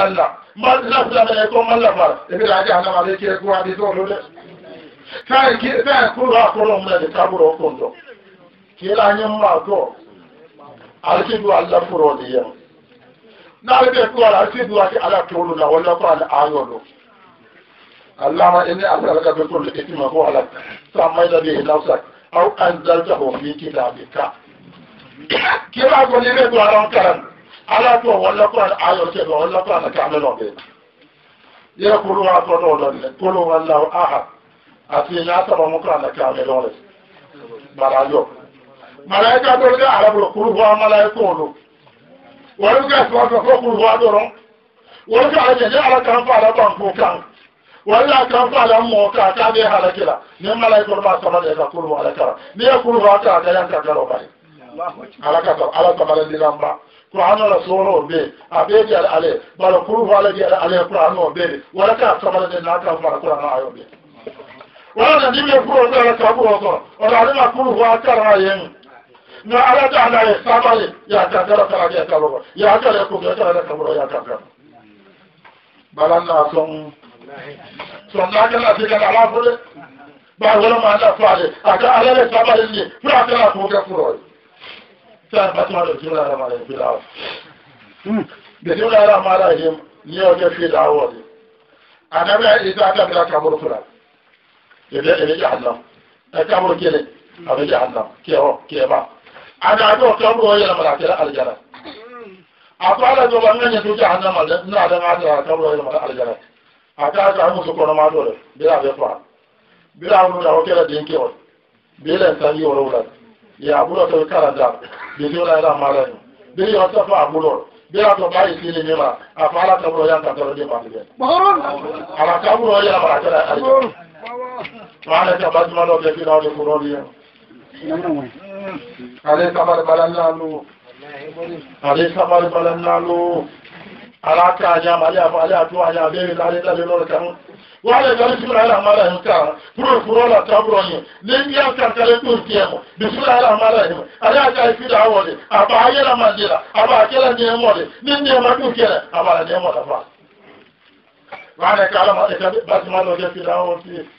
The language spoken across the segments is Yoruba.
lalla malla fulana ko malla mara ebi la aja anama le ke ko abi to lo le kai ki ta ko ra ko lo mla de ka buro ko ndo e e e ki la nyam ma ko al ki du alla furo de yam na le be ko ala ki du ati ala to lo la wala ko ala ayo lo اللهم إني أسألك بكل اسم هو لك سميت به نفسك أو أنزلته في كتابك كيف أقول لك أنا aládùn ọ̀wọ́n lọ́kọ̀ ayọ̀ṣẹ́ ọ̀wọ́n lọ́kọ̀ àlàkàmẹ́ lọ́dẹ̀ yẹ kúrò wá tọ́lọ̀ lọ́dẹ̀ kúrò wá láwọ́ áhà àti ilẹ̀ àtàwọn mọ́kọ̀ àlàkàmẹ́ lọ́dẹ̀ màráyọ̀ màráyíká tó rí àrẹ́bùrù kúrò wá màláyíkò lò wọ́n rí gẹ̀ẹ́sì wọ́n sọ fún kúrò wá dọ̀rọ̀ wọ́n rí àjẹ̀jẹ́ àlàkàmfà àlàbàǹkò kan wọ́n rí àkànfà àlàmọ̀ ọ̀kà àkàdé àlàkìlà ní màláyíkò ló bá sọ̀rọ̀ lẹ́ka kúrò wá àlàkàrà ní ẹkúrò wá àkàdé àlàkàrà ọ̀bàyì alákàtọ̀ alákàtọ̀ qur'ano la soro be abe di ala ale bala kuru wala di ala ale qur'ano be wala ka sabala de na ka fara qur'ano ayo be wala na dibe kuru be ala ka buro ko wala ala na kuru wa kara yen na ala da ala ye sabale ya ka kara kara ya ka buro ya ka le ku ya ka le ka buro ya ka ka bala na son son na ka na se ka ala fule ba wala ma ala fale aka ala le sabale ni fura ka na ku ka furo sáà bá tí wọ́n lè fi lára máa rẹ̀ fi láwọ̀ bẹ̀sí wọ́n lára máa rẹ̀ hmm. yẹn ní ọjọ́ fi láwọ̀ rẹ̀ àdábẹ́ ìta àtàbílá kàbúrú fúra ẹ̀dẹ́ ẹ̀dẹ́ jẹ́ àdàm ẹ̀kàbúrú kílẹ̀ àbẹ́ jẹ́ àdàm kíẹ̀họ́ kíẹ̀bá àdàbẹ́ ọ̀kàbúrú ọ̀yẹ́ lọ́mọdà kílẹ̀ àlìjára àtọ́ àlàjọba mẹ́rin tó jẹ́ àdàm ní àdàm àkàbúrú ọ̀yẹ́ lọ́mọdà àlìjára àtàkà àmúṣe kọ́nà máa dọ̀rẹ̀ bí àbúrò tó kàràdà bèbí ọ̀la ẹ̀rọ àmàlẹ́ nù bèbí ọ̀sẹ̀ fún àbúrò bí ọ̀tọ̀ báyìí sí ilé nílá àfọ alákàbúrò yá kàtọ́rọ̀ dé pàtó bẹ́ẹ̀. àlàkàbúrò yá àbàkẹ́rẹ́ àríwá wọ́n á lẹ́kẹ́ bá jùmọ́ lọ́bẹ̀ẹ́ bí náà ó lè kúrọ́ rí ẹ̀. àlẹ́ sábàrì balẹ̀ ńlá lò àlẹ́ sábàrì balẹ̀ ńlá lò. aka aja ma aja aja anya aja anya lale lale lore kan wa gari ala ka pro pro la ta ni le ni ya ka kale tu ti emo bi ala mala hin ala ka fi da wole aba aye na mandira aba kala ni emo le ni ni ma tu kele aba la ni emo fa da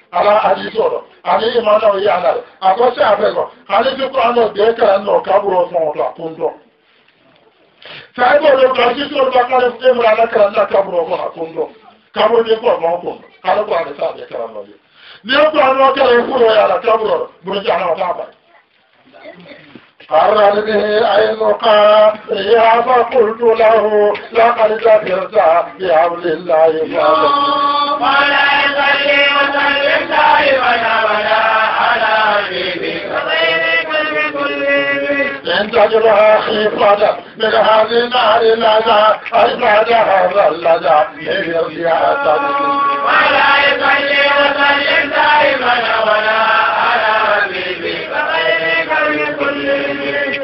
ala anyị sọrọ anyị ịmana oyi anarị akọsị abegọ anyị anọ dị ekele nna ọka bụrụ ọsọ ọtọ akụ ndọ saịbọọlụ ka ọchịchị ọtọ karị fute mụrụ anakara nna ka bụrụ ka bụrụ saa dị n'ekwu anụ ọkara ya ka bụrụ bụrụ abalị فر به عينها يا فقلت له لقد ذكرت بحول الله ولا يصلي وسلم دائما ابدا على حبيبك خير كل ان من هذه النار لدى اي بعد هذا في من يرجع ولا يصلي وسلم دائما ابدا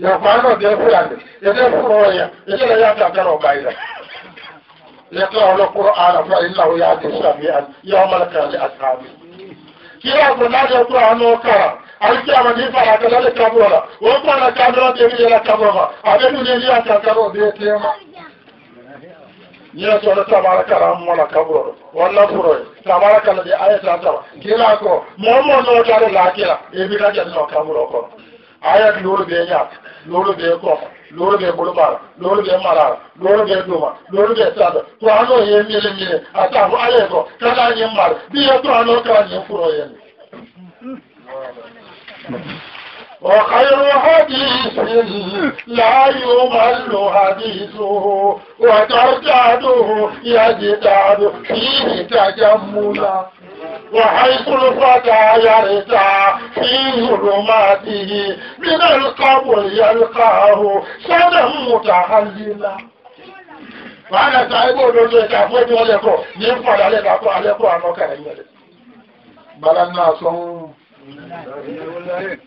yɛfaanɔ deɛ fulade yɛde furɔɔya yɛyɛlɛ yɛatakara ɔbayira yɛtɔɔ lɔ qur'ana fa innahu yaati samian yawmalaka li ashabi kila kunaje qur'ana okara alikiyama ni fara kala le kabura wo kwana kabura de bi la kabura abe mu ne ya ta karo de tema nyɛ sɔrɔ tabara kala mɔna kaburo wala furo ye tabara kala de ayeta saba kila ko mɔmɔ n'o tare la kila e bi ka jɛ n'o kaburo kɔrɔ ayat lolu be ñaat lolu be koofa lolu be bulubaara lolu be malaara lolu be duuma lolu be sada to ano ye mile mile a taafu alee ko kala ñin mbaar biye to ano kala ñin furo yen وخير حديث لا يمل حديثه وترجعده يجتعد فيه تجملا وحيث الفتى يرتع في ظلماته من القبر يلقاه سنا متحللا wàhálà tó àìbò olóòtú ẹ̀ka fún ẹni lẹ́kọ̀ọ́ ní ń padà alẹ́kọ̀ọ́ àmọ́kà náà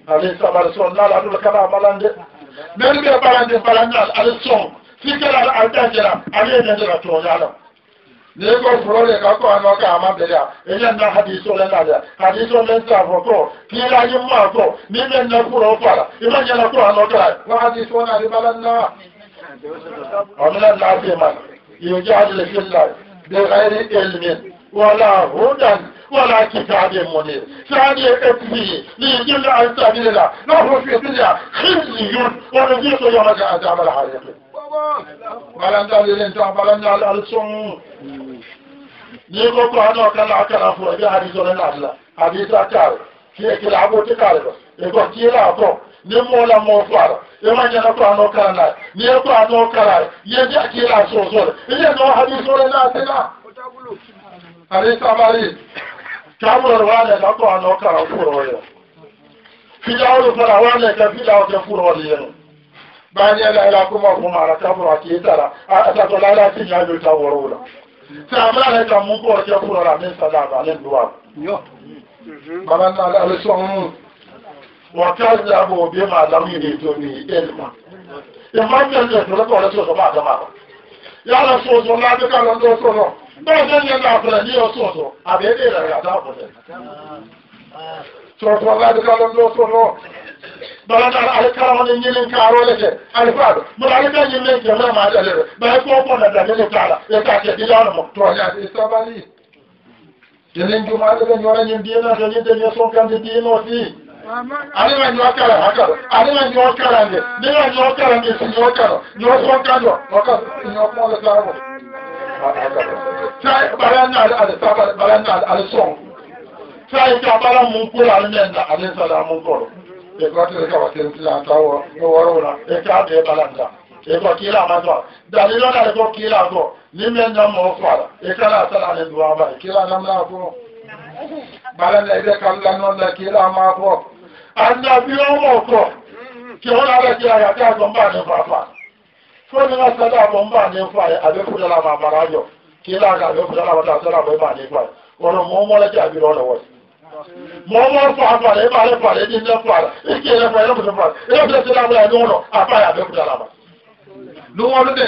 alaysa balasɔn n'ala n'olu kana amalande n'olu bɛ balande balande ale sɔn f'i kɛra ale ta kɛra ale ye ne yɛrɛ tɔn y'a la ni ko fɔlɔ de ka kɔ anɔ ka a ma bɛlɛ yan e ɲɛ na hadiso lɛ na dɛ hadiso lɛ t'a fɔ kɔ k'i la na kura o fa la i ma ɲɛna kura de bala na a bɛna na f'i ولا كتاب منير ثاني اسمي ليجل عن سبيلا له في الدنيا خزي ونذيق يوم عذاب الحريق بلان قال الانتهى بلان قال السم نيكو قرآن وكان عكرا فرجي حديث ولن عدلا حديث عكار في اكل عبو تكارب يقول تيلا عطو نمو لما وفعل يما جنا قرآن وكان لا نيه قرآن وكان يجي اكيلا سوسول إذا نو حديث ولن عدلا حديث عبالي shawararwa ka to a nauka a kurwa yau filawar farawa ne ka filawar ta kurwa ne yau bayan yana ila kuma kuma a taburwa ke tara a tato lalacin ya yi tabuwar wula sàmà rẹ̀ kà mú kọ́ ọjọ́ fún ọ̀rà ní ìsàdá àbálẹ̀ ìlú wa. bàbá náà lálẹ́ sọ ń mú wọ́n ká ìlàbọ̀ òbí máa dámú ìdè tó ní ẹ̀lùmá. ìmọ̀ ń bẹ̀rẹ̀ ìdè tó lọ́kọ̀ ọ̀rẹ́ sọ̀tọ̀ máa dámà. yálà sọ̀tọ̀ lábẹ́ ká lọ́dọ̀ dọ́ọ̀dọ́ yẹn náà fẹ̀rẹ̀ ní ọ̀tọ̀ọ̀tọ̀ àbẹ́ẹ̀dẹ̀ rẹ̀ àtàkùnrin tọ̀tọ̀ aládùúgbò lọ́tọ̀ náà bàbá alikara wọn yìí ní nkaaro lẹsẹ alifado mọlá alika yìí ní jẹmọ àmà àdàlẹ rẹ bàbá kọ ọpọ nàdà nínú kàlà ẹka àtẹbí lọnà mọ tọọyà ìsọbalì yìí ní jùmọ alika ní ọrẹ yìí bí iná sọ yìí tẹbi ẹsọ kan ti bí iná sí. alima ní ọkàrà akàrọ alima ní ọkàrà ní nígbà ní ọkàrà ní èsì ní ọkàrọ ní ọsọ kàdọ bayan na alisom sai ka bara mun kula nan da alin salamun koro a ko ta ka wata tilla ta wo no warona e ka be balanda e ko kila ma so dalilo da ko kila ko ni men na mo fara e kala sala ne duwa ba kila na mla ko balanda e ka la o ko ke hola da kila ya ta zo ba ne fúnni náà sẹ́dá àbọ̀ ń bà ní fà yẹ àbẹ́kúndé la máa bàrà jọ kí n láàgà àbẹ́kúndé la máa tà sẹ́dá àbọ̀ ń bà ní fà yẹ wọ́n mọ́ mọ́lẹ́kì àbírọ̀ ọ̀nà wọ̀nyí mọ̀mọ́ fa fa rẹ̀ bá rẹ̀ fa rẹ̀ ní ilẹ̀ fa rẹ̀ ìkí ilẹ̀ fa rẹ̀ lọ́pọ̀ fa rẹ̀ ilẹ̀ fi ṣe lábẹ́ ẹni wọn lọ apá yà bẹ́ẹ̀ kúta lába. ní wọn lóde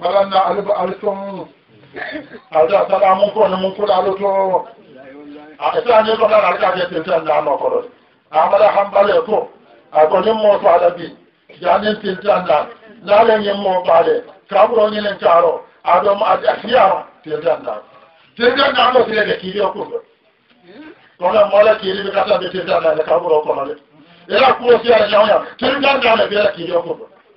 bala na aliba alitọn alita sara mun kura ni mun kura alitọ a ti a ni dọ la alita kẹ tẹ tẹ n'a nọ kọrọ amala hanbalẹ ko a ko ni mọ to ala bi ja ni tẹ tẹ n'a n'ale ye mọ ba dẹ kaburọ ɲinɛ taarọ a dọ a fiyara tẹ tẹ n'a tẹ tẹ n'a lọ filẹ dẹ k'i bẹ kun dọ kọnọ mọlẹ k'i bẹ ka taa bẹ tẹ tẹ n'a lẹ kaburọ kọnọ dẹ e la kulo fiyara ɲɔgɔn ya tẹ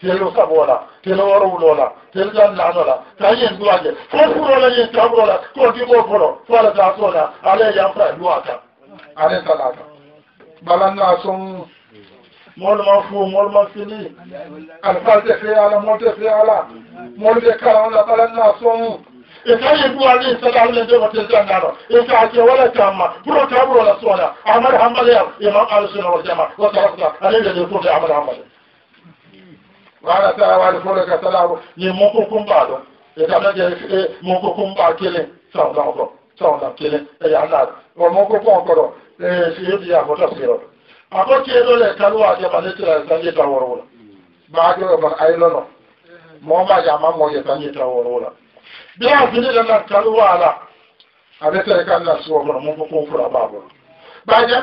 telo sabola telo warulola telo jannanola ta yen duwaje fo furola yen taburola ko dimo foro fala ta sola ale yam fra duwata ale salata balanna son mol ma fu mol ma fini alfalte fe ala molte fe ala mol be kala e la balanna son e ka yen duwaje sadal le de hotel jannano e ka ke wala tamma pro taburola sola amal hamale ya e imam al-sunnah wal jamaa wa tarakna ale de ko amal hamale wala tara wala fole ka salabu ye moko kumba do e ka na je moko kumba kele sawu la ko sawu la kele e ya na o moko ko ko do e si yidi ya ko ta siro ako ke do le kalu wa je bale tira san je ta woro la ba do ba ay lo no a fini da na kalu wala abe tare kan na suwa ko moko ko fura ba ba ba ja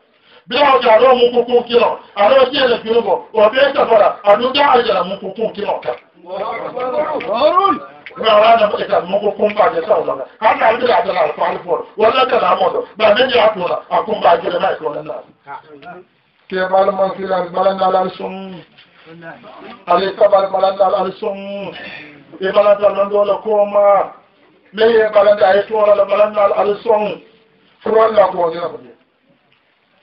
bilaw ja ro mu kuku kilo aro ti ele kirugo wa be ta fara adu da ajara mu kuku kilo ka harun wa wa na ita mu kuku pa je sa wala ha na adu da ajara fa al for wala kala mo ba me ya to la akun ba je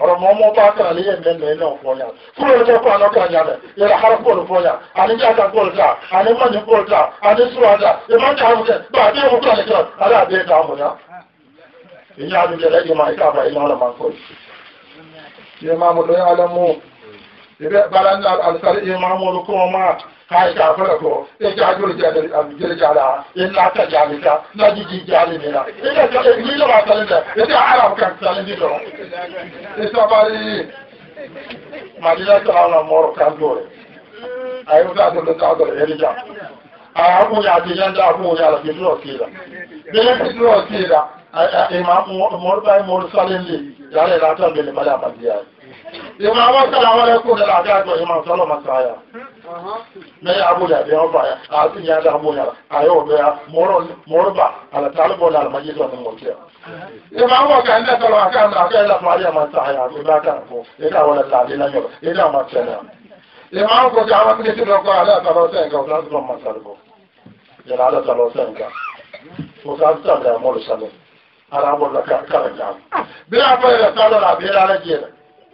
ọ̀rọ̀ mọ́ mọ́ bá kàn lé ẹ̀mí ẹ̀mí náà fún ọ̀yà fún ọjọ́ kan náà kàn yàrá yàrá hàrá bọ́ọ̀lù fún ọ̀yà àní játa bọ́ọ̀lù tà àní àní bá àbí kàn àbí ọmọ ìyá mi jẹrẹ ẹgbẹ máa ká àbá máa yìí. ìyẹn máa mú lóyún alẹ́ mú ìbẹ́ kaita farko ya ta dur jirgin jala in na ta jalisa na jiji jali ne na ina ta ni da ba salin da ya ta arab kan salin da ita bari madina ta ala mor kan dole ayo ga da ta da erija a ko ya ji yan da ko ya la bi ro kila bi la bi ro kila Ìmọ̀ àwọn sára wọ́n lẹ́kùn lẹ́la àti àjọ ìmọ̀ sọ́lọ̀ máa sáyà. Mẹ́rin abúlé àbí ọba yà, àti ìyá àdá àmú yàrá, àyọ̀ ọ̀bẹ ya, mọ́rọ̀bà, àlàtàlùbọ̀ ní àlùmọ́jé sọ ní mọ̀kíà. Ìmọ̀ àwọn ọ̀gá ẹ̀ńdẹ́ sọ̀rọ̀ àkáàmì àkẹ́lẹ̀ fún ayé máa sáyà àti bá kàkó, ilé àwọn ẹ̀ta àdé lẹ́yọ̀, ilé àwọn àtẹ̀lẹ̀. Ìmọ̀ àwọn kọjá àwọn ilé tí lọ́kọ̀ alẹ́ àtàlọ́ sẹ́ǹkà, ọ̀sán tó máa sàlùbọ̀. Yàrá alẹ́ àtàlọ́ sẹ́ǹkà, ọ̀sán tó àbẹ̀ àmọ́ ìṣàlẹ̀, ara bọ̀ lọ́kà kàrẹ̀ jà. Bí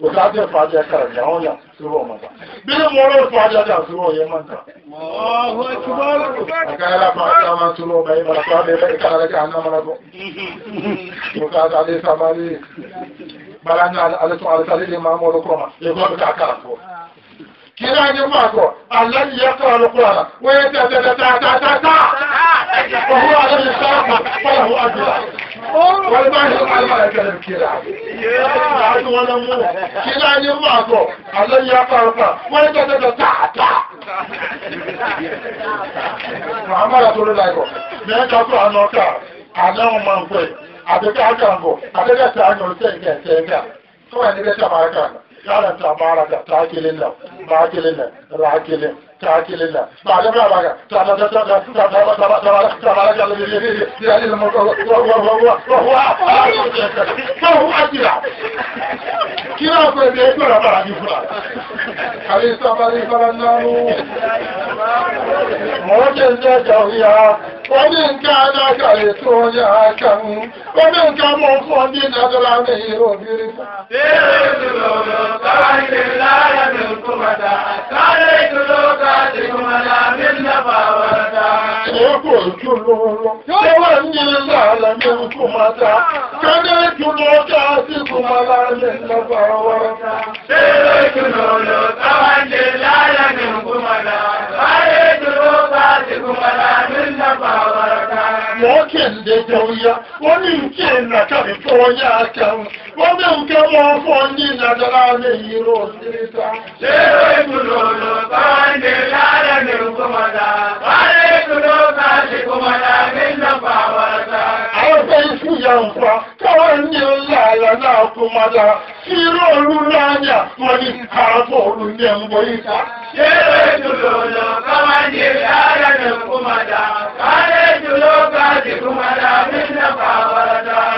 Bukatun fatiya karanta wannan suro mata. Bilin morar fatiya ta suro ya manta. Allahu akbar. Akala fatiya ma suro bai mara kana na ma ka ma ọhụrụ ala Wọ́n yóò máa lọ́wọ́ ẹ̀kẹ́lẹ̀ kíra. Àti wọn lọ mú. Kíra ni ó máa bọ̀. Àlọ́ yìí apá ọ̀pá. Wọ́n ní tọ́jọ́jọ́ tààtàà. Àmàlà tó ló láìkọ̀. Mẹ́ta tó àná ọ̀tà. Àná ọmọ nǹkan ẹ̀. Àbẹ̀kẹ́ àkàǹgọ̀. Àbẹ̀kẹ́ tí a yàn ọ̀tẹ̀ ìkẹ́ ẹ̀tẹ̀ ẹ̀gà. Tó wà níbẹ̀ tí a máa kà. Yára tí a máa rà kà. Tàákìlì náà. Tàákìlì náà. Tàákìlì náà. تاكلنا بعد ما بقى تبارك الذي بيده الملك وهو هو هو هو أجرع كلا بيده كلا بيده كلا حليس بلي فلنان موجز جويا ومن كان كريتون يا كم ومن كان مفهوم من أغلامه وبرفا تيرت لولو تاكل لا يملك مدى تاريت لولو Ẹ̀kọ́ ojú lọ́wọ́lọ́. Ṣé wà ní ilé àlàmé ikú máa ta? Kọ́dé ìjùlọ ọjọ́ àti ikú máa láàrin lọ́gbà ọwọ́. Ṣé ìjùlọ lọ táwà lè láàrin ikú Báyé ìjùlọ bá ti kú máa láàrin lọ́gbà ta lọ́kẹ̀ ǹdẹ́jẹ́ oyá wọ́n ní nkẹ́ ìnàkàrí tó ọyá akẹrun wọ́n ní nkẹ́ wọ́n fọ́ ní ìlàjọ́lá lè yíró síríta. ṣé ìkùnlò ló bá ń dè lára ní kòmọ̀dá wálé ìkùnlò bá ṣe kòmọ̀dá ní siyan kawai ne lalana kuma da sirorun lanya wani haforun yan boyita shere tulolo kawai ne lalana kuma da kare tulo kaji kuma da min da fawarta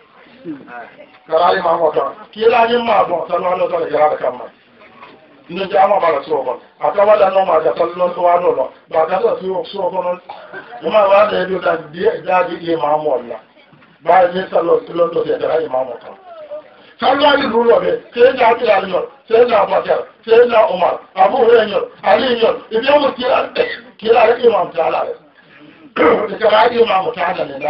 kara anyị ma nwọta kele anyị mma abụọ n'ọnụ na-ejere mma ndị ndị ama bara sụ ọkọ akawada nọ ma ma sụ a na-ebi ụta daadị ihe ma amụ ọla baa ihe salọ sụlọ ntụ ejere anyị ma kalu anyị ruru ụlọ ka eji ka eji ka eji anyị anyị ịma mụta ala ịkara anyị ịma mụta ala na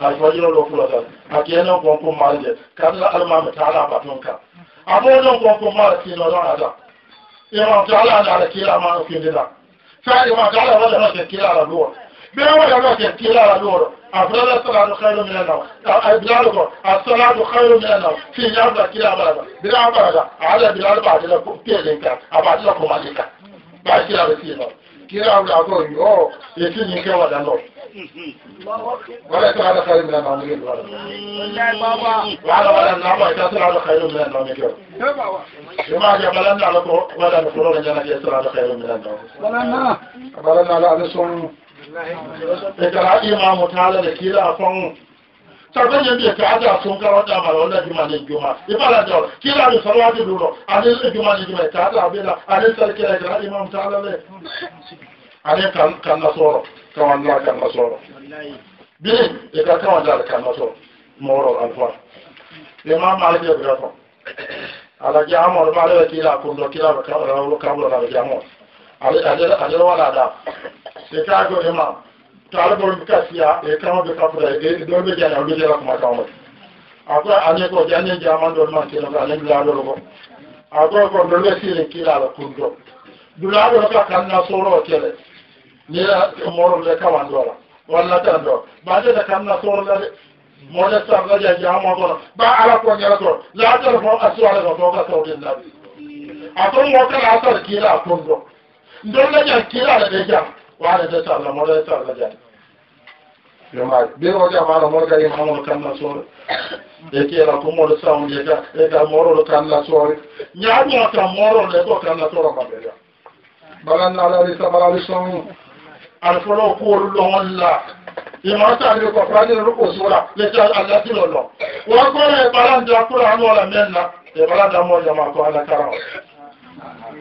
a wajiro ɗo fulata a keno gonko malle kamna almami taala batun ka amo non gonko mala kino ɗon ata imam taala ana ala kirama o kindira sa imam taala waɗano ke kirara luwo ɓe waɗano ke kirara luwoɗo afrada salatu hayru min annaw bilal ko assalatu hayru min annaw fi ñabla kira baraga bira baraga a ala bilal baɗila peɗin ka a baɗila komaɗi ka ɓa kiraɓe kila agoyi o yekini ke wa dalo wala ta ala khairu min al-amalin wala wala wala na ba ta ala khairu min al-amalin kama ya balan na ala ko wala na ko ga na ya ta ala khairu min al-amalin wala na balan na ala sun Ìjọra ìmọ̀ àmọ̀tálẹ̀ kí láàfọ́n tarbe ñandi e ko ade a sunkaroɗe amala walla jumane juma ibala dawr kiilaɓe salawade ɗuro anin e jumane juma ka ade a ɓeela anin sal kila gara imam taala le ane kan nasoro kawalla kan nasoro bini e ka kawallade kan nasoro mowrol alfoa imam alaje ɓira ko alaje amol ma alewa kiila kunɗo kiilaɓe kaɓro kaɓroɗaɓe jamol taala borom ka siya e kama be kafra e do be jara do jara kuma kama akwa anye ko janye jaman do man kelo ka nen lalo ko akwa ko do be sire kila la kundo dulado ka kan na soro kele ni la moro le kawan do la walla tan do ba de kan na soro le mole sa ga ja jama ko ba ala ko nyara to la ta ko aswala ko ka tawdin nabi akon mo ka asar kila kundo ndo la ja kila la de jama wani da su Allah mawala da su Allah jani yamma bin wajen ma da mawala yi mamu kan na sori da ke yana kuma da samun ya ga moro da kan na sori moro da ko kan na sori ma da ya balan na lari sabarari sun alfọlọ kóolu lọ́wọ́n la ìmọ̀ta ni kò fani rúkò sóra lè ṣe àjàtì lọ́lọ́ wọ́n kọ́ ẹ̀ balanda kúrò àwọn ọ̀la mẹ́rin na ẹ̀ balanda mọ́ jama alákàrà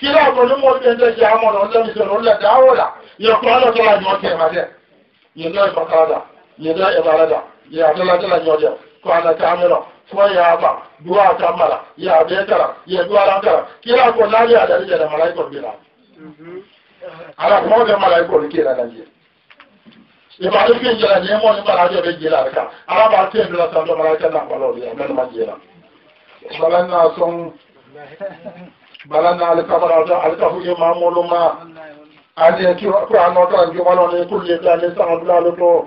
kila otolimolɓe nde jamono lemission olla dawola yo koala tola ñootema de yendo e bakada yendo e barada ya daladala ñoote ko ala tamiro fo yaaba duwa kammala ya ɓe kara ye duwaran kara kila ko naali aɗari ƴene malaykol mbinaɓe ala mawde malaykol kiɗanaje ibaɗo fin jela nemoni marajo ɓe jilaɗe ka alaba tendula tanto malayka nambalooɗe men ma jiila balanna son بلنا عليك فرجا عليك فوي ما مولما علي كي قران كان جو مالون كل لا لسان بلا لتو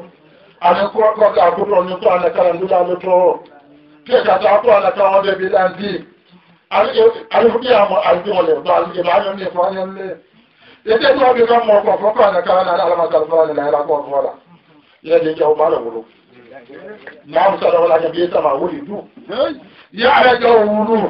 على كو كو كا كو ني تو انا كان بلا لتو كي كا تا كو انا كان دي بلا دي على على فوي ما على جو مالي بال دي ما ني فان ني يتي تو بي كان مو كو كو انا كان على ما كان فان لا لا كو فلا يدي جو مالو نعم صلى الله عليه وسلم يولد يعرج وولوه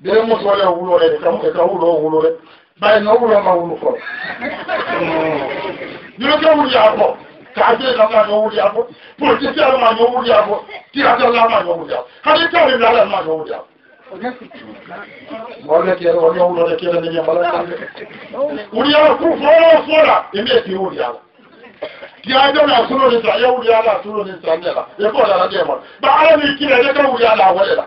bile muso le wulo le ka ka wulo wulo le bay no wulo ma wulo ko ñu ko wulo ya ko ka je na ma no wulo ya ko pour ci sa ma no wulo ya ko ti ata la ma no wulo ya ha ni ta la la ma no wulo ya wala ke wala wulo le ke ni ya bala wulo ya ku fo fo la imbe ti wulo ya di ajo na suro ni ta ya wulo ya la suro ni ta ne la e ko la la de ma ba ala ni ki le ka wulo ya la wala la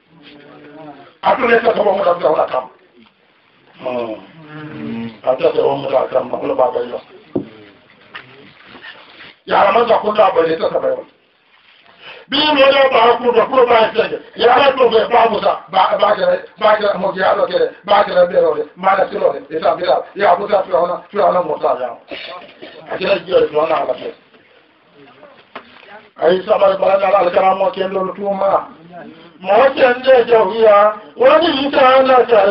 abin da ya saba mu da wala kam a ta saba mu da kam makula ba bai ba yara maza kun da bai ta saba yau bi mu da ba ku da ku ba ta ya ra to ba ba mu da ba ba ga ba ga mu ya ro ke ba ga be ro ma da tiro ne ta bi da ya ku ta fi ona fi ona mu ta ya a kira ji ro ona ala ke ai saba ba da ala karamu ke ndo tuma mawacin da jawiya wani mutane da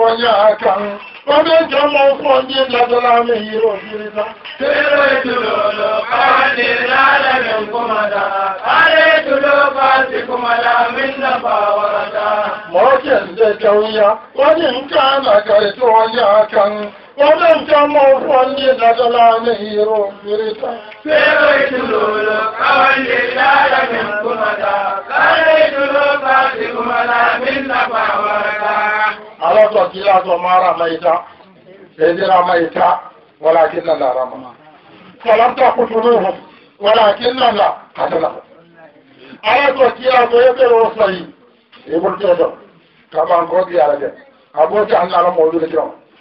wani akan wani jama fon yi da dala mai yi rofiri na tere tulo lo kani lalamin kuma da kare tulo fasi kuma da min da bawara da mawacin da jawiya wani mutane da Ọlọ́jọ́ ọmọ ọ̀fọ́ ní ìdájọ́lá ní ìrò ìrìta. Fẹ́rọ ìdúró lọ, káwọn lè lára ní kúmọ̀dá, káwọn ìdúró bá ti kúmọ̀dá ní ìlàpá àwọn ọ̀dá. Alọ́tọ̀ kí látọ̀ máa rà máa ìta, ẹ̀dẹ́ra máa ìta, wọ́n láti nà lára máa. Fọlọ́tọ̀ kúrò lóhùn, wọ́n láti nà lá kàtàlá. Alọ́tọ̀ kí látọ̀ ẹgbẹ̀rún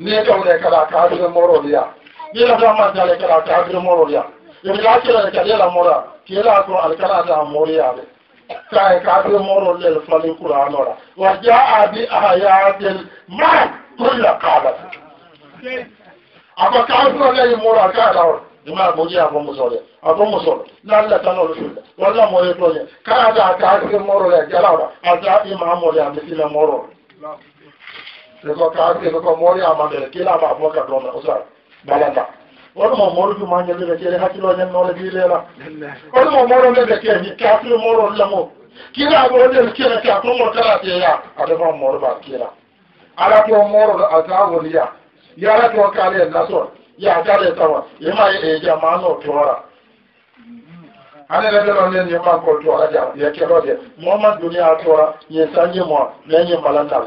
ne jonde kala kafir moroliya ɓiɗa tamatale kala kafir moroliya yoɓe lakirade kaɗela mora kela ko alkalata moriyaɓe kaye kafir morollel fali couranora wa jaa bi ayatel ma kulla kalat ako kafiroley mora kalawol ima bojiya ko musole ako musole lalla tanol filla walla moyetoñe kaada kafir morole jalawɗa ada imamole a misile morole daga kaasi daga moori amande kila ba mo ka dona usa balanda wala mo moori ju manje de kele hakilo nyen no le bi lela wala mo mooro le ni kaasi mooro la mo kila go de kila ka to mo kala te ya ada mo mooro ba kila ala to mooro da ata woliya ya ala to kale na tawa yema e jama'ano tora ale yɛrɛ dɔrɔn ne nin ma kɔ to ala ja yɛ kɛ dɔ de mɔgɔ ma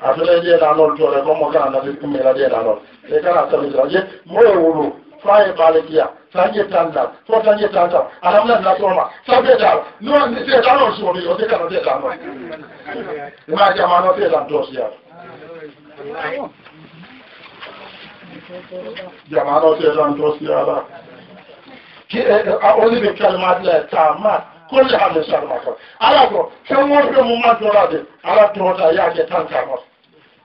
afele die la lor jore ko mo kana na bi kumme la die la lor e kana tabi je mo e wulu faye balikiya sanje tanda fo sanje tanda alamna na toma sabe da no ni se da lor so mi o de kana de da no ma jama no se da dos ya jama no se da dos ya la ki a oni be kalmat la tamat kullu hamsar makon ala ko kan wo fe mu ma dora de ala dora ya ke tanta makon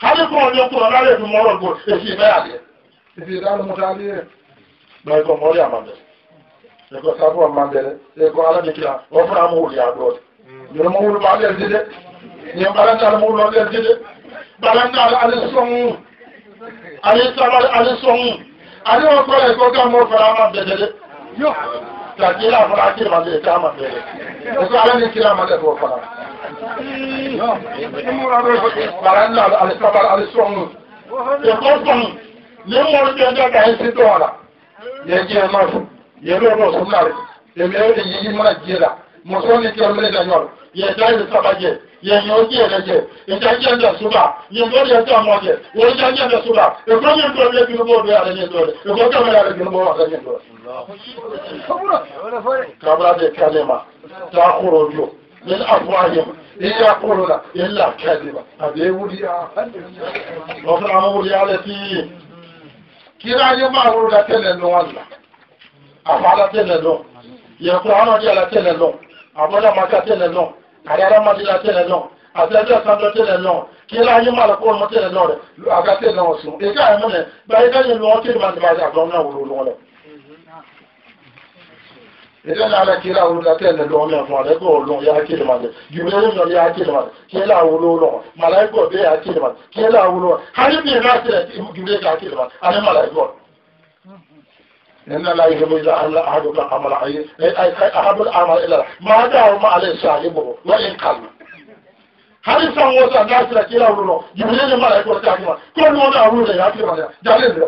hali kɔn ye kura n'ale fi mɔrɔ ko esi bɛ ale esi n'ale mu t'ale ye mɛ ko mɔri a ma bɛ e ko a ma bɛ dɛ e ko ala de kira o fana mu wuli a dɔ de yɛrɛ mu wuli ma ale di dɛ nin bala t'ale mu wuli ale di dɛ bala t'ale ale sɔngu ale sabali ale sɔngu ale y'o kɔrɔ ye ko k'a mɔ fara a ma bɛ dɛ dɛ ta kira fara kira ba zai kama fere wasu ala ne kira ma da zuwa fara baran na alisabar alisonu ya kwasan ne mawar da ya ga yin sito wala ya ji ya masu ya loro sunar ya mai yau da yi mana jira musu ne kira mele da yawar ya ta yi sabaje 眼牛界那些，人家见着书吧，你们也这么的，我人家见着书吧，有方面做的比如说这样的念做的，有方面的比如说这念做的。قبل هذه الكلمة تخرج من أفواههم إن يقولون إلا كذبا هذه وليا وفرعون وليا التي كلا يمارو لتلن والله أفعل تلن يقول أنا جل تلن أبدا ما تلن àyàrá máa lílá tẹ́lẹ̀ náà àti ẹjọ́ ìsanjọ́ tẹ́lẹ̀ náà kí ilá ayé máa lọ́kọ́ ọmọ tẹ́lẹ̀ náà rẹ̀ àga tẹ́lẹ̀ náà sùn èyí káyọ̀ mọ́lẹ̀ báyé káyọ̀ lu wọn kéde máa ti máa ṣe àgbọn náà wòlò wọn lẹ̀. ilé náà rẹ̀ kí ilá wòlò tẹ́lẹ̀ lọ́wọ́ ní ẹ̀fọn rẹ̀ gbọ́ lọ́wọ́ yá kéde máa lẹ̀ jùmọ̀ eré náà yá kéde máa lẹ̀ kí ilá wòlò lọ́wọ́ màláìkọ̀ bẹ́ẹ̀ yá kéde máa lẹ̀ kí ilá wòlò إن لا يهم إلا أحد العمل أحد العمل إلا ما دعوا عليه صاحبه وإن قل hali san wo san n'a sera kira wolo lɔ jibiri ni mara ekɔli k'a kuma ko n'o n'a wolo la y'a tile ma dɛ jalen dɛ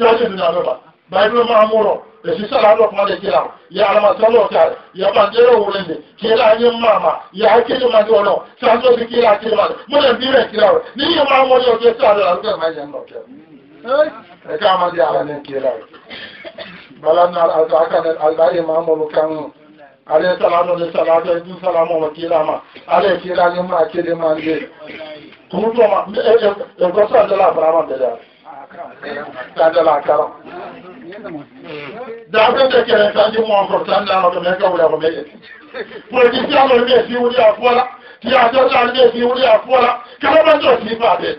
jalen dɛ a bɛ ba bayibu ma mu lɔ esi sara dɔ kuma de kira ya alama salo ta ya bandero wulen de kira ni mama ya kiri ma dɔ lɔ sanso bi kira kiri ma dɛ mun bi bɛ kira ni ye maa mɔ yɔ kɛ la a bɛ kɛ maa yɛn e, e, e ka amadi alanen kiilaɓe balanna alakanen alɗa imamolu kan alaye salatu ni salatu e ɗum salamomo kiilama alaye kiilanima kilimande kumutoma e goso adela vraiment ɓeɗeare adela karam daɓede kere kanji monko tan nanoto men ka wuula ko meƴe politicien ɗo mbiye si wuuri a foola tiyatorɗa mbiye si wuuri a foola kala ɓanto sifaade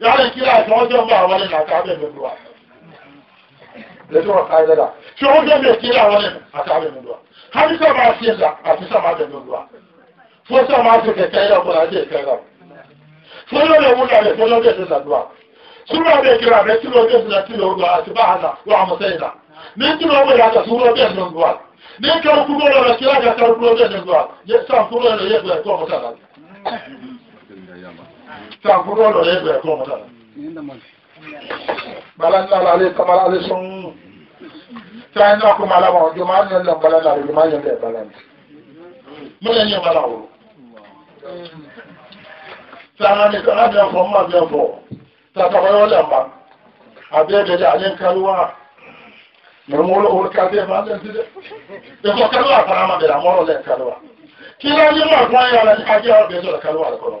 yaran kila ta wajen ba wani na kabe mai duwa da tuwa kaidada shi wajen mai kila wani a kabe mai duwa har sa ma fiye da a fi sama da mai duwa fo sa ma su ke kai da kuna je kai da fo lo le wula le fo lo ke da duwa sura be kira be tilo ke da tilo duwa a tibahana wa musaida ne tilo be da ka sura be da duwa ne tàbúrú ọ̀lọ̀ lẹ́gbẹ̀ẹ́ ẹ̀kọ́ ọmọdé balannala ale kamara ale sɔn tani na kuma ala ma jɔnma an yɛn lɛn balannala ale jɔnma an yɛn lɛn balannala mo lɛn yɛn bala o tani ale kana bɛn fɔ n ma bɛn fɔ tatɔgɔ yɔ lɛn ba a bɛɛ bɛ dɛ ale kari wa mɛ n wolo wolo kari bɛ ma lɛn ti dɛ ɛfɔ kari wa fana ma bɛn a mɔrɔ lɛn kari wa kí ló ń yẹ ma fɔ ni a jẹ́ a bɛn sɔrɔ kari wa kɔrɔ.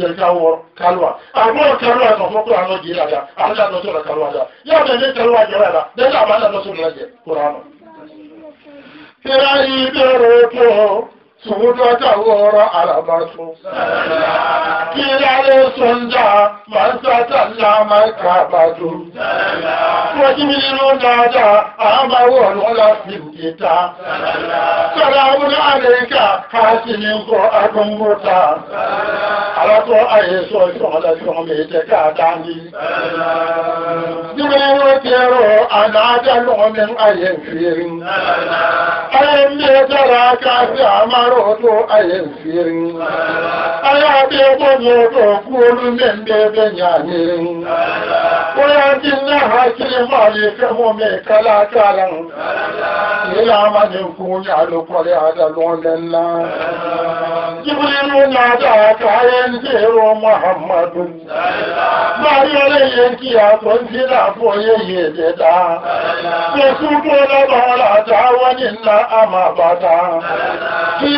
tẹ̀ káwọ́ kálùwà àbúrò kálùwà kan àwọn ọdí ìlàjà àwọn ìlànà ọ̀rọ̀ kálùwà dá yóò bẹ̀ kálùwà jẹ́ rẹ̀ dá bẹ́ẹ̀ sòwòdọ́dàwó ọ̀rọ̀ àràbàṣọ. kí láyé sọ́njà máa ń sátà ńlá máa ń kà àbàjọ. wọ́n mi nínú dáadáa àmàwọ̀ lọ́la fi kìta. sọ̀rọ̀ àwọn àlẹ́kà káàsì ní kọ́ agbóngbòta. alákọ̀ àyẹ̀sọ̀ ìṣọ̀lẹ̀ ìṣọ̀mẹ̀ ìtẹ̀ká dání. Nígbà yóò ti Ayé ń bí ọdụ anyị efiri anyị adị ebe dị ụtọ kwu olu ndị ndị ebe nye anyị onye ndị nne ha kiri mmadụ ife kala akara ịla amanye nkwu onye alụkwara adalụ onye nna jibrilu na bụ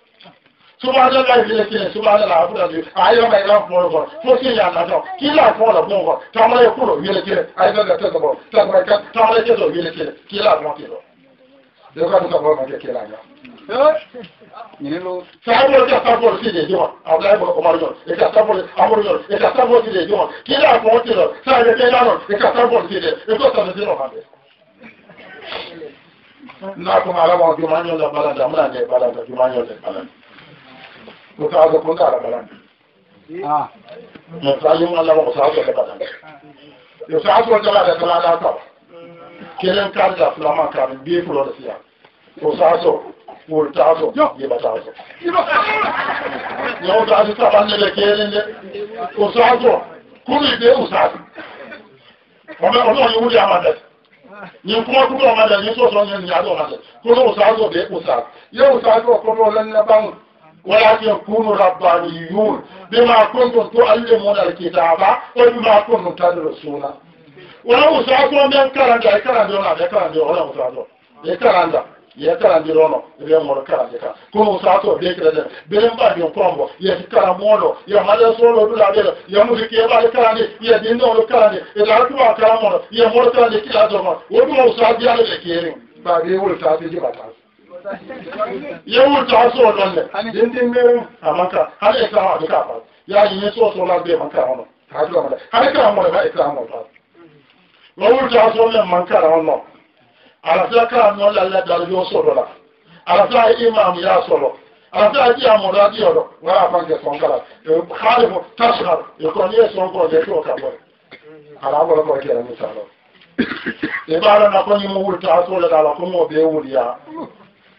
subhanallah ìdílé kílẹ̀ subhanallah àbúrò àti ayọ́mọ ẹ̀rọ fún ọkọ̀ fún sí ìyá àlàjọ kí ilé àfún ọ̀rọ̀ fún ọkọ̀ tọmọlẹ́ kúrò yẹlẹ kílẹ̀ ayélujára tẹ̀sọ̀bọ̀ tọmọlẹ́ kẹsọ̀ yẹlẹ kílẹ̀ kí ilé àfún ọkọ̀ Dèkọ́ àti sọ̀rọ̀ ọmọdé kí láyá. Sáàbùrù ẹ̀ka sáàbùrù sí ìdè ìdíwọ̀n, àwọn ẹ̀bùrù ko ta ga kun da balan ah mun ta yin Allah ba ku sa ta da balan yo sa ko ta da ta da ta kelen kar da flama kar bi fulo da siya ko sa so ko ta so ye ba ta so yo ta so ta ban le kelen de ko sa so ko ni de usasi ọlọ́run yóò wúlé àmàdẹ̀ ní kúmọ́ kúmọ́ àmàdẹ̀ ní sọ́sọ́ ní ìyàdọ̀ àmàdẹ̀ kó ló wùsà ágbọ̀ bẹ́ẹ̀ wùsà yóò ولكن كونوا ربانيون بما كنتم تعلمون الكتاب وبما كنتم تدرسون ولو ساعتوا من كرنجا كرنجا ولا كرنجا ولا متعدوا كرنجا ye karandi rono ɓe moɗo karandi ka kono sato ɓekre ɗen ɓeren mbaɗi pombo yeti kara moɗo ye haɗe solo ɗuɗa ɓeɗo ye musi keɓaɗe karandi ye dindoɗo karandi ete hakkuma kara moɗo ye moɗo karandi kiɗa domo woɗuma usabiyaɗo ɓe keerin mbaɗi wol tati jiɓata ya wuce wasu wannan dindin merin a maka har ya kama duka a fara ya yi ne so so labe maka wannan har kama da har kama da ba ikram wa fara wa wuce wasu wannan maka wannan alafiya ka no lalla da yo so dola alafiya imam ya solo alafiya ji amu radio do wala fan ke son kala khalifu tashhar yakon ye son ko de to ka bo ala wala ko ke na misalo ibara na ko ni mu wuce wasu da ala ko mo be wuriya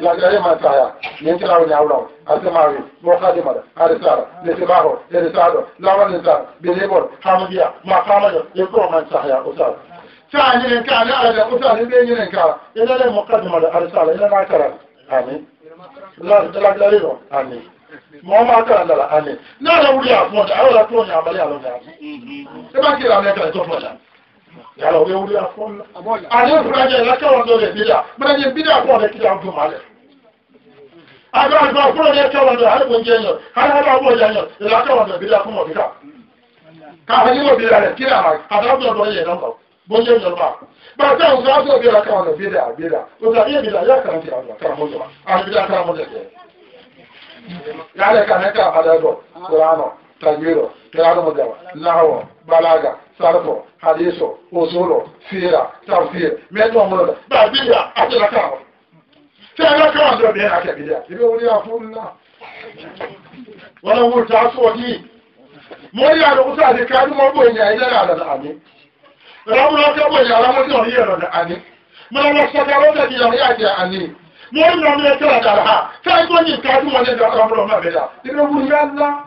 lagare mataya nin tilaro ni awlaw asemari mokadimara arisara lesibaho lerisado lawalisar bilibor hamiya makamayo yekuro man sahaya usar tanyinin kani alade usar ibe yinin kara ilale mokadimara arisala ilana kara amin lagare no amin mọ́mọ́ akàràndàlà àmì náà lọ wúrí àfún ọjà àwọn ọ̀là tó ń yàn àbálẹ̀ àlọ́ ní àmì. ṣé bá kí ìlànà ẹ̀ka ìtọ́ fún ọjà? yàrá òwe wuli afọ́nà àti ìfúnajẹ ìlàkẹ́wọ̀n tó lè bídà mẹ́rẹ́jẹ bídà pọ̀ lè kíjà ọdún malẹ̀ àgbà àgbà fúnra ní ẹkẹ́wọ̀n tó àdìgbò jẹ́ yàn àdìgbò àbọ̀ jẹ́ yàn ìlàkẹ́wọ̀n tó bídà fún ọ̀bídà káfí nílò bídà rẹ̀ kíra àdáwọ̀ tó yẹ nọ́mbà bóyá yẹn lọ́wọ́ bá a tẹ́ ọ̀sán àti òbí ẹ̀ka ọ̀nà bídà bídà òbí àbí bídà yà kàn ti àwọn kàrà mọ́jọ́ àti bídà kàrà mọ́jọ́ jẹ́ yàrá ẹ̀ka nẹ́ka تجويره كلام مجاوة نحو بلاغة صرف حديث وصول سيرة تفسير ميتو مرد بعدية أجل كاوة سيرة كاوة جو بينا كبيرة يقول يا فول الله ولو قلت أسودي mori a lokuta ati kaadu mo bo nya ile na da ani ramu na ka bo nya ramu no ye no da ani mo na sa da ro da di ya ya ani mo na mi ka da ha sai ko ni kaadu mo ne da ramu no ma be da ibe bu ya la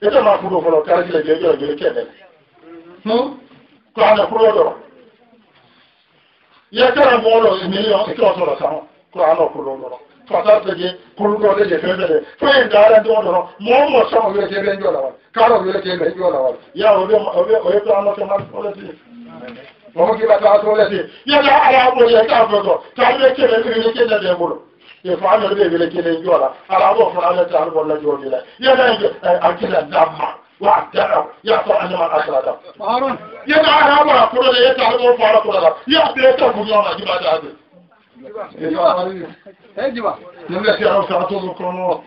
yadda ma fudo fɔlɔ kala jira jɛ jɔrɔ jɛrɛ kɛlɛ hun ko ana furo dɔ yɛ kɛra mɔgɔ dɔ miliyɔn i tɔgɔ sɔrɔ san ko ana furo dɔ fasa tɛ kɛ kuru dɔ de jɛ fɛn fɛn dɛ fɛn in taara dɔrɔn dɔrɔn mɔgɔ o mɔgɔ sɔn o yɛrɛ kɛ bɛ jɔ la wa k'a dɔn o yɛrɛ kɛ bɛ jɔ la wa ya o bɛ o bɛ o ye fɛn ma fɛn ma fɔlɔ ti mɔgɔ k'i ka taa sɔrɔ lɛ ten yala ala b'o yɛ k'a fɛ sɔrɔ k'a bɛ kɛlɛ kɛlɛ kɛlɛ bɛ n bolo ye fa ala de wele kelen jɔra ala b'o fana ala ta ala bɔla jɔ de la yala a kila dama wa dara ya fɔ ala ma akira da yala ala bɔra kɔrɔ de ye ta ala b'o fɔ ala kɔrɔ la ya bɛɛ ta kun ɲɔgɔn na jiba da de. nin bɛ se aw sa tolu kɔnɔ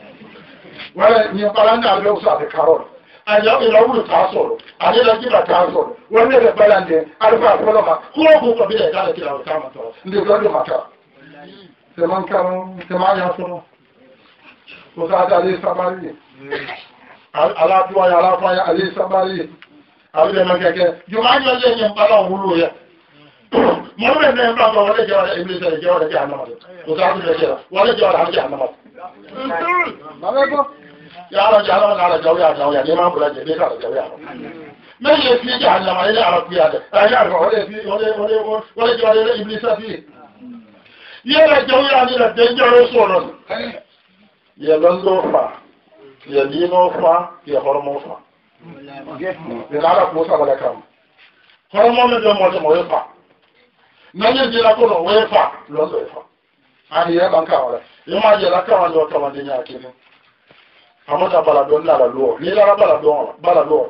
wala nin bala n'a bɛ sa a bɛ karɔ a yɛrɛ yɛrɛ wuli k'a sɔrɔ ale la jiba k'a sɔrɔ wala ne yɛrɛ bala nin alifa fɔlɔ ma kɔngɔ k'u kɔ bi yɛrɛ k'ale kira o t'a ma sɔrɔ nin de bɛ ma kɛra. كمان كانوا اجتماعيا صنع وسعد عليه السماري على طوال على طوال عليه السماري àwọn ẹ̀mọ̀ kẹ̀kẹ́ yóò máa ń lọ sí ẹ̀yìn pálọ̀ wúlò yẹ mọ́ rẹ̀ ní ẹ̀mọ́ àwọn ọlẹ́jẹ́ ọ̀rẹ́ ìbílẹ̀ ìjẹ́ ọ̀rẹ́ jẹ́ àná rẹ̀ kò sáà tún lẹ́jẹ́ wọlé jẹ́ ọ̀rẹ́ àjẹ́ àná rẹ̀. yàrá jẹ́ àná rẹ̀ àjọ wíyà àjọ wíyà ní máa ń bọ̀lá jẹ́ ní ká àjọ wíyà. mẹ́yìn fi jẹ́ àná rẹ̀ ní àrọ̀ kúyà rẹ̀ yela jawyani la de jaro sonon ye londo fa ye lino fa ye hormo fa ilaala kuwo sabala kam hormo me de mote moye fa nañe jela kono woye fa londo e ani bala ni bala bala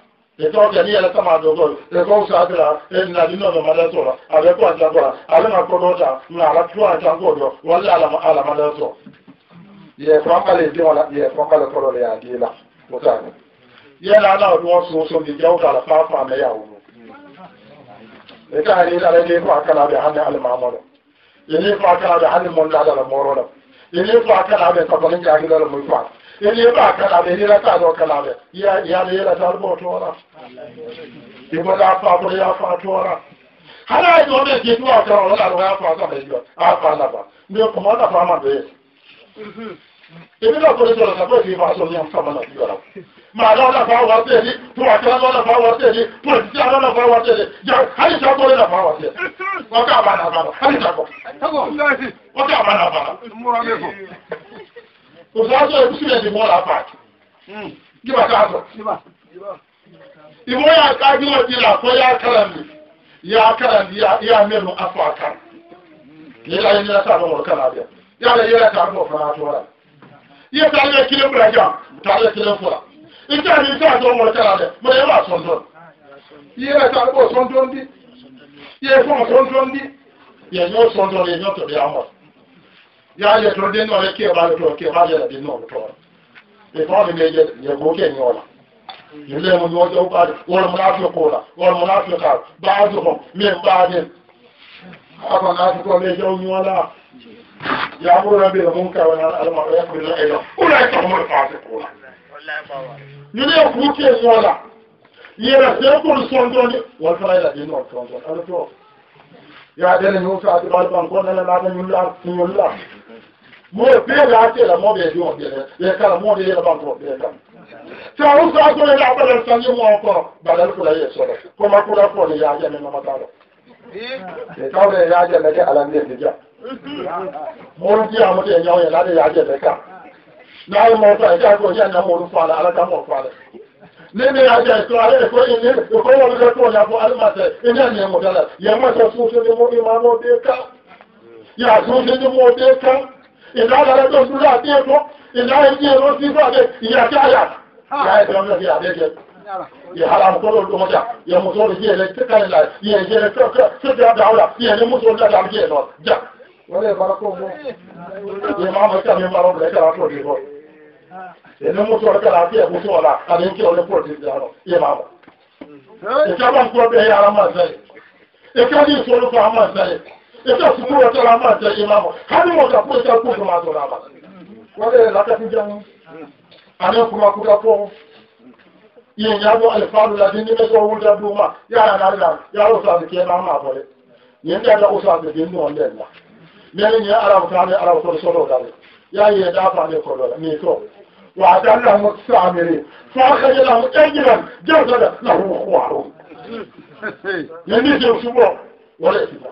ètò jami'a sama dogo e ko sa dira e na dino do mala so la ale ko atla ko ale ma ko dota na ala tu ata ko do wala ala ala mala so ye ko kale di wala ye ko kale ko ya di la ko ta ye la na do so so di jaw ta la fa fa me ya wu e ta ri la le ko akala be hande al mamoro ye ni ko akala be hande mon da la moro ele ba kala be ni raka do kala be ya ya le la dal bo to ra ibo da fa bo ya fa to ra hala do be je duwa ka ro la ya fa ka be jo a fa la ba ndio ko ma da fa ma be ebi náà kò ní sọ̀rọ̀ sàbẹ̀ ìdí ìfà sọ̀rọ̀ yẹn sábà náà yọ̀rọ̀ mà á lọ́la fà wá tẹ̀lé tó wà tẹ́lá lọ́la fà wá tẹ̀lé pòlìtì á lọ́la fà wá tẹ̀lé jẹ́ àyè sàbọ̀ lọ́la fà wá tẹ̀lé ọkọ̀ àbànà àbànà àyè sàbọ̀ ọkọ̀ àbànà àbànà kò sọ ọjọ́ ìbúsí rẹ̀ ní mọ́ra pàtì hmm. kí bàtà àtọ̀ ìwọ́n yà kájú ọ̀dí là kọ́ yà kára mi yà kára mi yà mẹ́nu afọ àkàrà kì í láyé ní ẹ̀sà lọ́wọ́ kára bẹ́ẹ̀ yà lè yẹ ẹ̀sà lọ́wọ́ fún àtọ́ rẹ̀ yẹ ta yẹ kílé fúra jà ta yẹ kílé fúra ìtẹ́ mi ìtẹ́ àtọ́ wọ̀ kára bẹ́ẹ̀ mo yẹ wà sọ̀ndọ̀ yẹ ẹ̀sà lọ́wọ́ sọ̀ndọ̀ ndí yẹ fún sọ̀ndọ̀ ndí yẹ yọ sọ̀ndọ̀ yẹ yọ tẹ̀lé àwọn ya ye to de no ke ba to ke ba ye de no to e fa mi ye ye go ke ni ola ilé wọn ni wọn jẹ ọgbà rẹ wọn mú láti ọkọ ọlà wọn mú láti ọkà bá a dùn mí n bá a dé àwọn láti kọ lè jẹ oyún ọlá yàgò rẹ bẹ̀rẹ̀ mú kẹwọn ní alamọdé ẹ̀kọ́ ìlú ẹyọ ó láì sọ mọ ìfà àti kọ ọlà. ilé ẹ̀kọ́ kí èso ọlà yẹrẹ sí ẹ̀kọ́ ní sọńdọ ni wọn fẹrẹ yà dé náà sọńdọ ẹlẹtọ yà á dẹni ní wọn fẹ àti bá a dùn kọ nílẹ̀ náà ní yóò lá mo bela akela mo be yo bela le kala mo de la bantu bela kan ti o sa ko le la bala san yo mo ko bala ko la yeso ko ma ko la ko le ya ya me ma ta e ka le ya ya le ke ala ni de ja mo ti a mo te nyawo ya la de ya ya le ka na mo ta ja ko ya na mo fa la ala ka mo fa la nínú ìrajà ètò ààrẹ èkó ilé ìkọ́wọ́ lọ́jọ́ tó yàgò alimọ̀tẹ̀ ilé ẹ̀mí ẹ̀mọ̀dálà yẹ̀mọ̀tẹ̀ tún ṣe ni mo ní máa ń dé ká yàtún ṣe ni mo dé ká ìlà àlàrẹ́ tó dúró àti èkó ìlà èyí èrò sí ìgbàdé ìyà kí àyà ìyà ẹ̀fẹ́ ọmọ ìyà àbẹ́jẹ ìhàrà àmúkọ́lọ́ ọjà ìyẹ̀mùsọ́lù sí ẹ̀lẹ́ kíkàlẹ̀ láì ìyẹ̀ ìyẹ̀ kẹ́kẹ́ sí ti àdá ọ̀la ìyẹ̀ ní mùsùlùmí láti àbíkí ẹ̀ lọ jà wọ́n lè fara kó mú ìmọ̀ àmọ́ ìkàmì ń bá ọ̀rọ̀ ẹ̀kẹ́ àkọ́ ìbọ̀ ẹni mùsùlùmí kẹ́lá sí ẹ̀kúsùn ọ̀la àbí ń kí ọ̀lẹ́ pọ̀ ti dàrọ̀ ìyẹ̀ máa mọ̀ ìkẹ́ bá ń kọ́ bẹ́ẹ̀ yára máa sẹ́yìn ìkẹ́ ní ìṣòro kan máa sẹ́yìn yasa su kura tara ma da imamu hannun wata ko ta ko kuma zora ba wanda la ka tijan anan kuma ku ka ko yin ya do alfaru la din ne so wuta duma ya na da ya ro sa ke ma ma fole yin da da usa da din no le la ne ne ya ara ta ne ara so so da ya yi da fa ne ko da ne to wa dalla mutsamiri fa khajala mutajiran jawda lahu khwaru yani je subo wala ita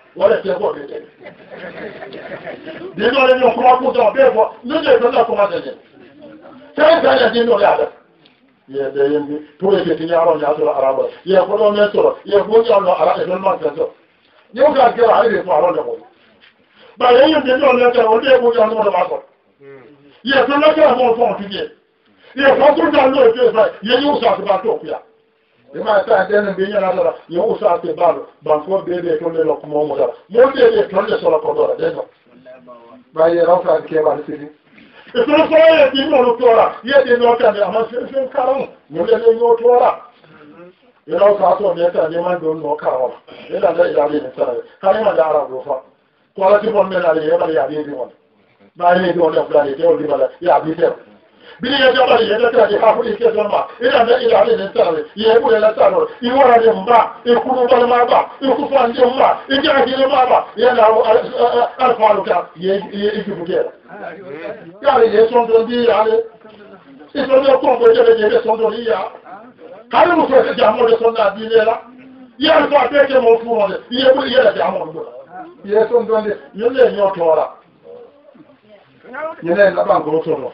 wọ́n lè tẹ́ bọ̀ gẹ́gẹ́. Dèjọ́ lè ní ọkùnrin ọkùnrin tó ọ̀bẹ́ ẹ̀fọ́ lójú ìgbẹ́ náà kó máa tẹ̀lé. Tẹ́lẹ̀ tẹ́lẹ̀ ní inú rẹ̀ àdá. Yẹ bẹ yẹn bí tó lè tètè ní arọ ní asọ̀rọ̀ ara bọ̀. Yẹ fọlọ́ ní sọ̀rọ̀ yẹ fún ní ọ̀nà ara ẹ̀fẹ́ máa tẹ̀ sọ̀. Yóò ká gẹ́ ara rẹ̀ fún arọ́ lẹ̀kọ̀. Bàyẹ̀ yìí dèjọ́ lè tẹ̀ wọ́n lé ẹ̀kọ́ ní ọ̀nà máa sọ̀. Yẹ fún lọ́jọ́ àwọn fọ́ọ̀tù yẹ. Yẹ fọ́ọ̀tù dá lóòótọ́ ìfẹ́ yẹ yóò sọ àtúbà tó kúyà ima ta den be nyala dara yo usa te baro banko be be to le lokumo mo dara mo be be to le solo ko dara de no ba ye ra fa ke ba sidi e so so ye ti mo lo tora ye de no ta de ama se se karo mo le le yo tora ye ra fa so ne ta ne man don no karo ye la le ya ni ta ka ni ma dara ro fa ko la ti mo me la le ye ba ya ni ni mo ba ye do le fa le te o li ba la ya bi te bili ye jaba ye da ta di ha ko ke zama ina da ila ne ne tare ye bu la taro i wara ne mba i ku mu bal ma ba i ku fa ne mba i ja ji ne ma ba ye na ro al falu ka ye ye ki bu ke ya le ye son don di ya le i so ne ko ko je le ye son don ya ka le mu so ke ja mo le son na di le la ye ko a te ke mo fu mo le ye bu ye la ja mo do ye son don de ye le nyo tora Nyene labango toro.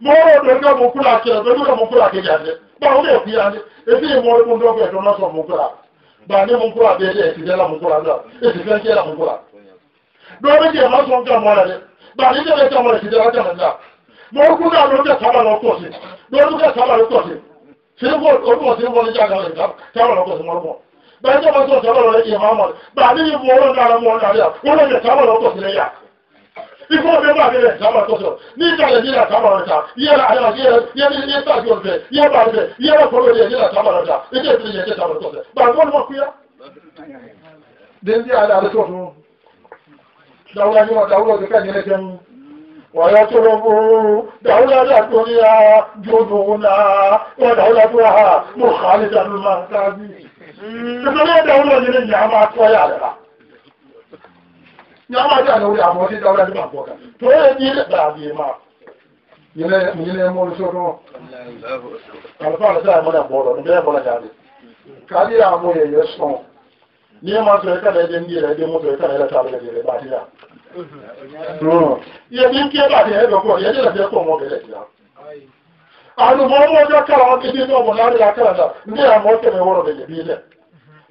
mo rò ló ní ọmọ kúrò àti ẹ̀dọ́ ní ọmọ kúrò àkejì àti bá wọn lè fi àti ebi ìmọ̀ ẹ̀kọ́ ní ọgbẹ̀ ẹ̀dọ́ lọ́sọ̀ ọmọ kúrò bá ní ọmọ kúrò àti ẹ̀dẹ́ ẹ̀sìn lẹ́la ọmọ kúrò àti ẹ̀sìn fẹ́ kí ẹ̀la ọmọ kúrò. lọ́wọ́ méjì ẹ̀ máa sọ nǹkan mọ́ rẹ̀ bá ní ìjọba ẹ̀ka mọ́ rẹ̀ ìjọba ẹ̀ka mọ́ rẹ̀ mo kú náà ló ń tẹ̀ lè tẹ̀ sábà lọ pọ̀ before we ever get sama toso ni ta le jira sama rata ye la ala ye ye ni ye ta jo be ye ba be ye la ko ye jira sama rata e te ni ye te sama toso ba ko mo kuya den dia ala ala toso dawla ni dawla de kan ni le jam wa yatrubu dawla la dunya juduna wa dawla tuha mukhalidan ma tabi Ìjọba ẹ̀dá olóòjì ni ìyá máa tọ́ yà rẹ̀ rà ya ma ja na wuri amma sai da wuri ba ko to ya ni da bi ma yele yele mo so to alfa da ma da boro da boro da ni ka di ra mo ye yeso ni ma so e ka da je ni ra je mo so e ka da ta ba je ba ti ra ye bi ke ba e de ko ye de da ko mo de ya anu mo mo ja kala o ti ni mo na ra kala da ni ra mo te me woro de bi le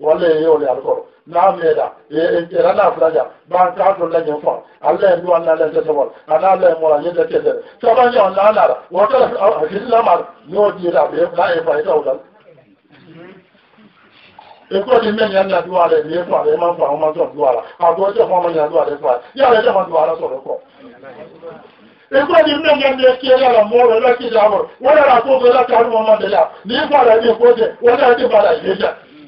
walla e yewle ala koto na meeɗa erana fulaja ɓan kato lañen fa allah e nduwan nalen tetewol ana allah e mora yinde tetere saban yo nanaɗa wotala hinnamaɗa no jiiraɓe na e fay tawdal ekɔli mɛ ni ana do alɛ ni efa alɛ ma fa ɔma sɔn do ala agbɔ tɛ fɔ ɔma ni ado alɛ fa yi alɛ tɛ fɔ do ala sɔrɔ kɔ ekɔli mɛ ni ana eke la la mɔ lɛ lɛ ti da mɔ wɔlɛ la ko bɛ la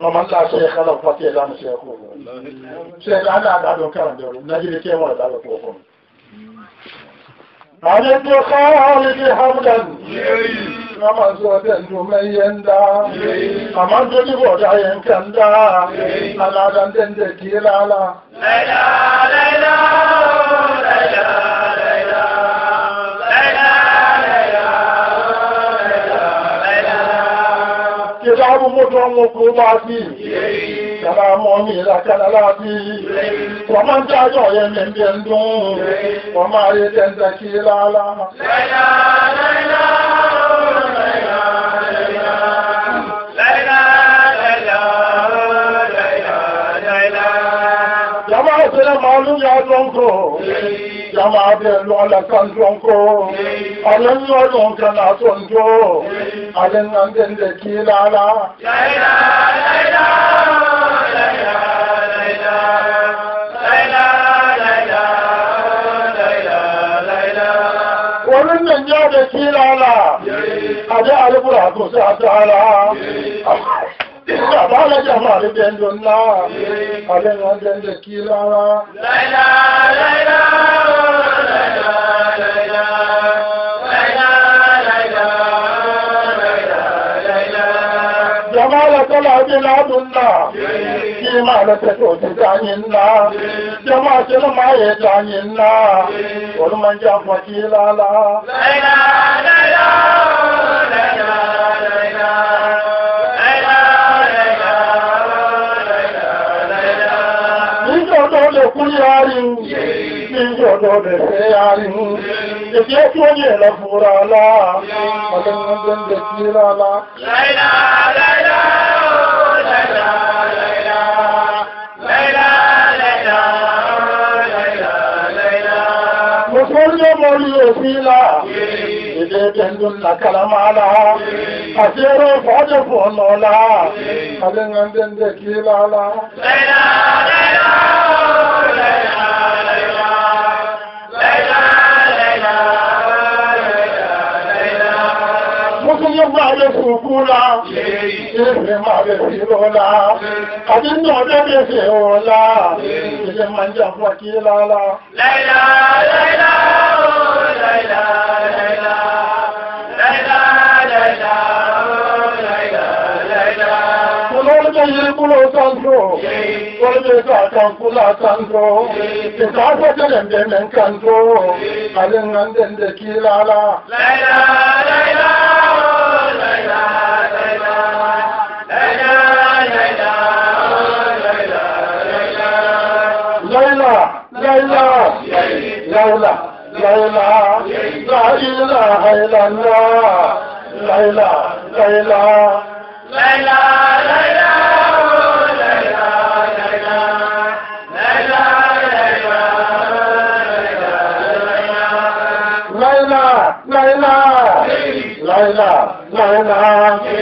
ومن لا شيخ له فكيلا شيخه شيخ على عدد كان دور نجري كي ولد على طوفهم عن ابن خالد حمدا ومن زود الجمين دا ومن زود بوجعين كان دا على عدد دندكي لا لا لا لا لا Ìlàrú mọ́tọ́ mú kú bá sí. Ìjọba mọ́ mi ìlàkàlà láti. Wọ́n máa ń jẹ́ àjọ yẹn ní ẹ̀ndí ẹ̀ndún. Wọ́n máa rí tẹ́ntẹ́ kí lálá. Lẹ́yà, lẹ́yà, lẹ́yà, lẹ́yà. Lẹ́yà, lẹ́yà, lẹ́yà, lẹ́yà. Ìjọba ìṣẹ́lẹ̀ máa lúyà ọdún kò. Jamaadin lọ́lọ́kan zonko, alin lọ́lọ́kan na sonjo, alin nan din da ke lara. Laila, laila, laila, laila, laila, laila, laila, laila. Wurin nan ya máa rí bẹ́ẹ̀ lọ náà, àlẹ́ ìrànjẹ́ ń jẹ́ kí lára. Láìláà, láìláà. ولا بلاد الله فيما لتتو تدعي الله جماعة لما يدعي الله ولمن جاء فكيل الله لا إله إلا الله لا إله إلا الله yarin min jodo da sai yarin da ke tuwa ne na furala maganin da kira la la la يوم الوسيلة إليك عندنا كلام على أسير فعجب ونولا ألين عندنا ذكيل على ليلى ليلى ليلى ليلى ليلى ليلى ليلى مسلم ما يسوقولا إيه ما يسيرولا أدين نودا يسيرولا إيه من جنب وكيلا ليلى ليلى control. What is our controller control? The power of them them and control. Aling and then the kilala. Laila, laila, laila, laila. Laila, laila, laila, laila. Laila, laila, laila. ليلى لا إله إلا الله ليلى ليلى ليلى ليلى لا لا لا إله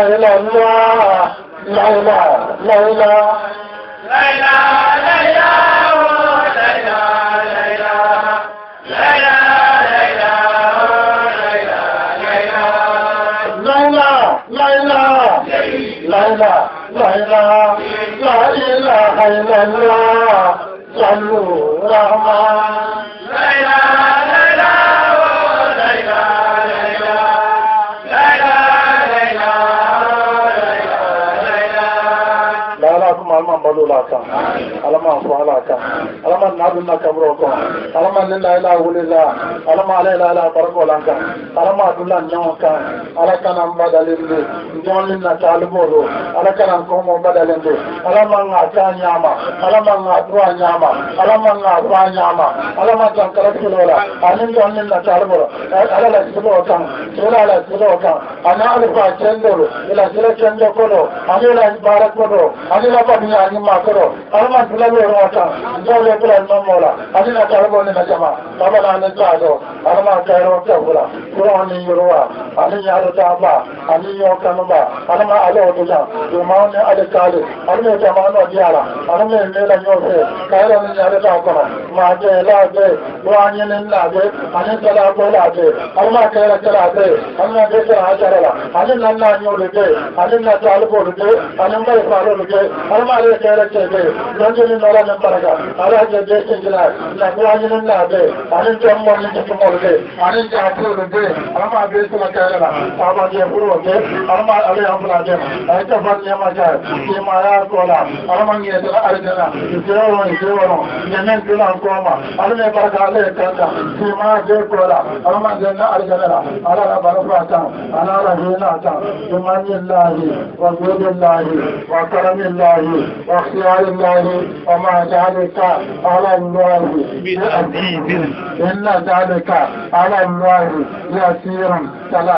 إلا الله لا لا لا لا لا चङो रहान alama alama balo la kan alama fa la kan alama nadu na kabro ko alama ne la ila wule la alama ala ila ala barko la kan alama dula nyon kan ala kana mbadalen de nyon ni na talbo do ala kana ko mo badalen de alama nga ta nyama alama nga dua nyama alama nga dua nyama alama tan kala kilola anin don ni na talbo ala la kilo ni a ni ma koro alama tila be ro ta do le pla no mola ani na tarbo ni na jama baba na ni ta do alama ka ro ta bula ko ni yoro wa ani ya ro ta ba ani yo la alama ni la yo se ka ro ni ya la be do ani la be ani ta la ko la be alama ka ro ta la be alama de ta عليه كيرتي بي رجل ولا من بركة على جديد الجلال نبواجن الله بي عن انت أمور انت تمور بي عن انت أطول بي أما بيت لك إلا أما جيبرو بي أما علي أفلا جيب أنت فضل يما جاي فيما ياركولا أما يدل أرجنا يجيرون يجيرون يمين كلا أنكوما أما بركة عليه كيرتا فيما ياركولا أما جنة أرجنا على ربنا على رهينا فيما الله واختيار الله وما ذلك على الله بعزيز إن ذلك على الله يسير